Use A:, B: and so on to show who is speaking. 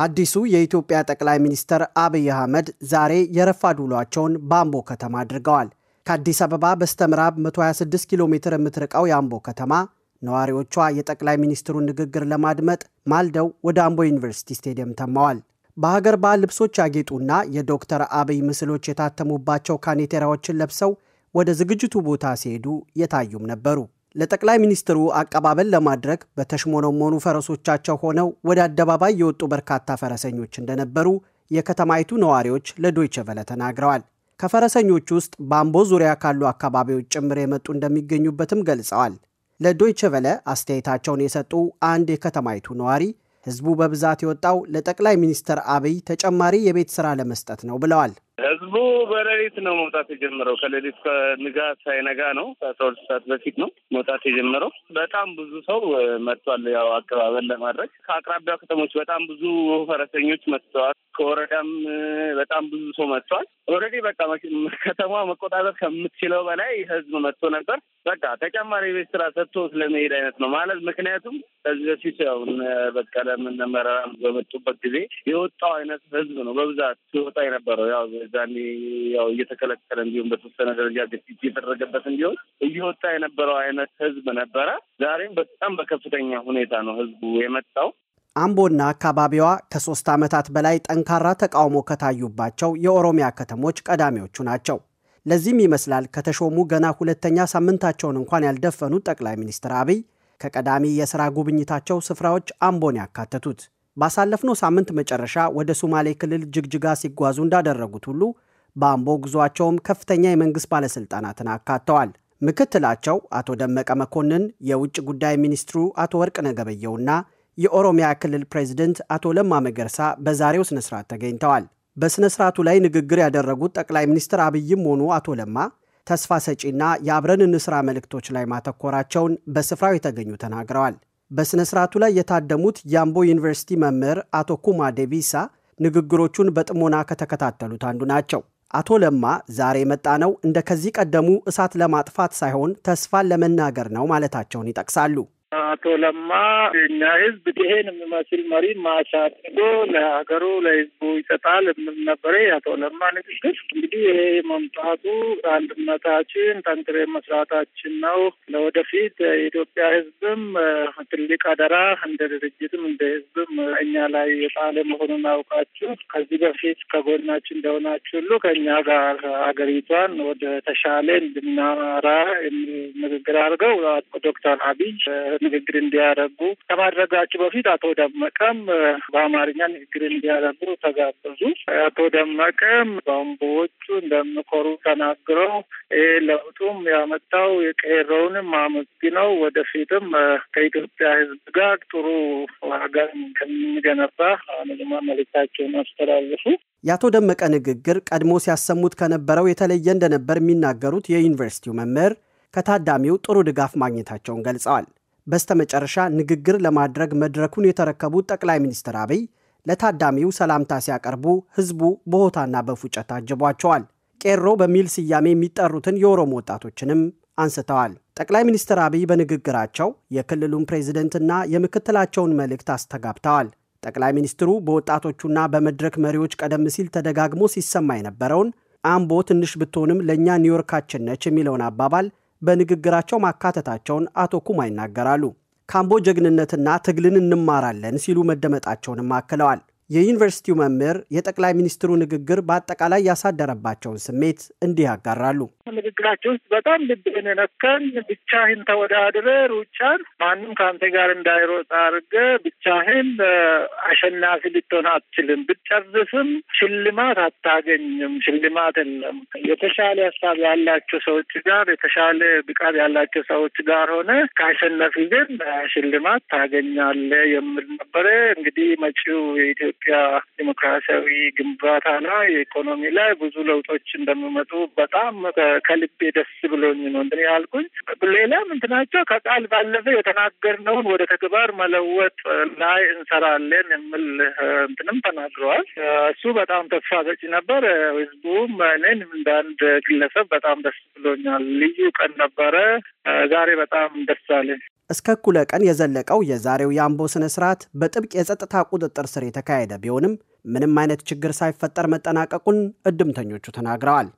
A: አዲሱ የኢትዮጵያ ጠቅላይ ሚኒስትር አብይ አህመድ ዛሬ የረፋድ ውሏቸውን በአምቦ ከተማ አድርገዋል። ከአዲስ አበባ በስተ ምዕራብ 126 ኪሎ ሜትር የምትርቀው የአምቦ ከተማ ነዋሪዎቿ የጠቅላይ ሚኒስትሩን ንግግር ለማድመጥ ማልደው ወደ አምቦ ዩኒቨርሲቲ ስቴዲየም ተማዋል። በሀገር ባህል ልብሶች ያጌጡና የዶክተር አብይ ምስሎች የታተሙባቸው ካኔቴራዎችን ለብሰው ወደ ዝግጅቱ ቦታ ሲሄዱ የታዩም ነበሩ። ለጠቅላይ ሚኒስትሩ አቀባበል ለማድረግ በተሽሞነሞኑ ፈረሶቻቸው ሆነው ወደ አደባባይ የወጡ በርካታ ፈረሰኞች እንደነበሩ የከተማይቱ ነዋሪዎች ለዶይቸ ቨለ ተናግረዋል። ከፈረሰኞቹ ውስጥ በአምቦ ዙሪያ ካሉ አካባቢዎች ጭምር የመጡ እንደሚገኙበትም ገልጸዋል። ለዶይቸ ቨለ አስተያየታቸውን የሰጡ አንድ የከተማይቱ ነዋሪ ህዝቡ በብዛት የወጣው ለጠቅላይ ሚኒስትር አብይ ተጨማሪ የቤት ስራ ለመስጠት ነው ብለዋል።
B: ህዝቡ በሌሊት ነው መውጣት የጀመረው። ከሌሊት ከንጋት ሳይነጋ ነው ከአስራ ሁለት ሰዓት በፊት ነው መውጣት የጀመረው። በጣም ብዙ ሰው መጥቷል፣ ያው አቀባበል ለማድረግ ከአቅራቢያ ከተሞች በጣም ብዙ ፈረሰኞች መጥተዋል። ከወረዳም በጣም ብዙ ሰው መጥቷል። ኦልሬዲ በቃ ከተማ መቆጣጠር ከምትችለው በላይ ህዝብ መጥቶ ነበር። በቃ ተጨማሪ የቤት ስራ ሰጥቶ ስለመሄድ አይነት ነው ማለት። ምክንያቱም ከዚህ በፊት ያው በቀለም እነ መረራም በመጡበት ጊዜ የወጣው አይነት ህዝብ ነው በብዛት ሲወጣ የነበረው። ያው ዛኔ ያው እየተከለከለ እንዲሁም በተወሰነ ደረጃ ግፊት እየተደረገበት እንዲሆን እየወጣ የነበረው አይነት ህዝብ ነበረ። ዛሬም በጣም በከፍተኛ ሁኔታ ነው ህዝቡ የመጣው።
A: አምቦና አካባቢዋ ከሶስት ዓመታት በላይ ጠንካራ ተቃውሞ ከታዩባቸው የኦሮሚያ ከተሞች ቀዳሚዎቹ ናቸው። ለዚህም ይመስላል ከተሾሙ ገና ሁለተኛ ሳምንታቸውን እንኳን ያልደፈኑት ጠቅላይ ሚኒስትር አብይ ከቀዳሚ የሥራ ጉብኝታቸው ስፍራዎች አምቦን ያካተቱት ባሳለፍነው ሳምንት መጨረሻ ወደ ሶማሌ ክልል ጅግጅጋ ሲጓዙ እንዳደረጉት ሁሉ በአምቦ ጉዞቸውም ከፍተኛ የመንግሥት ባለሥልጣናትን አካተዋል። ምክትላቸው አቶ ደመቀ መኮንን፣ የውጭ ጉዳይ ሚኒስትሩ አቶ ወርቅነህ ገበየሁና የኦሮሚያ ክልል ፕሬዚደንት አቶ ለማ መገርሳ በዛሬው ስነስርዓት ተገኝተዋል። በሥነ ሥርዓቱ ላይ ንግግር ያደረጉት ጠቅላይ ሚኒስትር አብይም ሆኑ አቶ ለማ ተስፋ ሰጪና የአብረን እንስራ መልእክቶች ላይ ማተኮራቸውን በስፍራው የተገኙ ተናግረዋል። በሥነ ሥርዓቱ ላይ የታደሙት የአምቦ ዩኒቨርሲቲ መምህር አቶ ኩማ ዴቪሳ ንግግሮቹን በጥሞና ከተከታተሉት አንዱ ናቸው። አቶ ለማ ዛሬ የመጣ ነው እንደ ከዚህ ቀደሙ እሳት ለማጥፋት ሳይሆን ተስፋን ለመናገር ነው ማለታቸውን ይጠቅሳሉ።
C: አቶ ለማ የኛ ህዝብ ይሄን የሚመስል መሪ ማሳድጎ ለሀገሩ ለህዝቡ ይሰጣል የምል ነበረ የአቶ ለማ ንግግር። እንግዲህ ይሄ መምጣቱ አንድነታችን ጠንክሬ መስራታችን ነው። ለወደፊት የኢትዮጵያ ህዝብም ትልቅ አደራ እንደ ድርጅትም እንደ ህዝብም እኛ ላይ የጣለ መሆኑን አውቃችሁ ከዚህ በፊት ከጎናችን እንደሆናችሁ ሁሉ ከእኛ ጋር አገሪቷን ወደ ተሻለ እንድናራ ንግግር አድርገው ዶክተር አብይ ንግግር እንዲያደርጉ ከማድረጋቸው በፊት አቶ ደመቀም በአማርኛ ንግግር እንዲያደርጉ ተጋበዙ። አቶ ደመቀም በአምቦዎቹ እንደሚኮሩ ተናግረው ይህ ለውጡም ያመጣው የቀረውንም አመስግነው ወደፊትም ከኢትዮጵያ ሕዝብ ጋር ጥሩ ሀገር ከምንገነባ ንግማ መልእክታቸውን አስተላልፉ።
A: የአቶ ደመቀ ንግግር ቀድሞ ሲያሰሙት ከነበረው የተለየ እንደነበር የሚናገሩት የዩኒቨርሲቲው መምህር ከታዳሚው ጥሩ ድጋፍ ማግኘታቸውን ገልጸዋል። በስተመጨረሻ ንግግር ለማድረግ መድረኩን የተረከቡት ጠቅላይ ሚኒስትር አብይ ለታዳሚው ሰላምታ ሲያቀርቡ ህዝቡ በሆታና በፉጨት ታጅቧቸዋል። ቄሮ በሚል ስያሜ የሚጠሩትን የኦሮሞ ወጣቶችንም አንስተዋል። ጠቅላይ ሚኒስትር አብይ በንግግራቸው የክልሉን ፕሬዝደንትና የምክትላቸውን መልእክት አስተጋብተዋል። ጠቅላይ ሚኒስትሩ በወጣቶቹና በመድረክ መሪዎች ቀደም ሲል ተደጋግሞ ሲሰማ የነበረውን አምቦ ትንሽ ብትሆንም ለእኛ ኒውዮርካችን ነች የሚለውን አባባል በንግግራቸው ማካተታቸውን አቶ ኩማ ይናገራሉ። ካምቦ ጀግንነትና ትግልን እንማራለን ሲሉ መደመጣቸውንም አክለዋል። የዩኒቨርሲቲው መምህር የጠቅላይ ሚኒስትሩ ንግግር በአጠቃላይ ያሳደረባቸውን ስሜት እንዲህ ያጋራሉ።
C: ንግግራቸው ውስጥ በጣም ልብን ነከን። ብቻህን ተወዳድረ ሩጫን ማንም ከአንተ ጋር እንዳይሮጥ አድርገ ብቻህን አሸናፊ ልትሆን አትችልም። ብትጨርስም ሽልማት አታገኝም። ሽልማት የለም። የተሻለ ሀሳብ ያላቸው ሰዎች ጋር የተሻለ ብቃት ያላቸው ሰዎች ጋር ሆነ ከአሸነፊ ግን ሽልማት ታገኛለ የሚል ነበረ። እንግዲህ መጪው የኢትዮጵያ ዲሞክራሲያዊ ግንባታና የኢኮኖሚ ላይ ብዙ ለውጦች እንደሚመጡ በጣም ከልቤ ደስ ብሎኝ ነው እንትን ያልኩኝ። ሌላ ምንትናቸው ከቃል ባለፈ የተናገርነውን ወደ ተግባር መለወጥ ላይ እንሰራለን የሚል እንትንም ተናግረዋል። እሱ በጣም ተስፋ ሰጪ ነበር። ህዝቡም እኔን እንዳንድ ግለሰብ በጣም ደስ ብሎኛል። ልዩ ቀን ነበረ። ዛሬ በጣም ደስ አለኝ።
A: እስከ እኩለ ቀን የዘለቀው የዛሬው የአምቦ ስነ ስርዓት በጥብቅ የጸጥታ ቁጥጥር ስር የተካሄደ ቢሆንም ምንም አይነት ችግር ሳይፈጠር መጠናቀቁን እድምተኞቹ ተናግረዋል።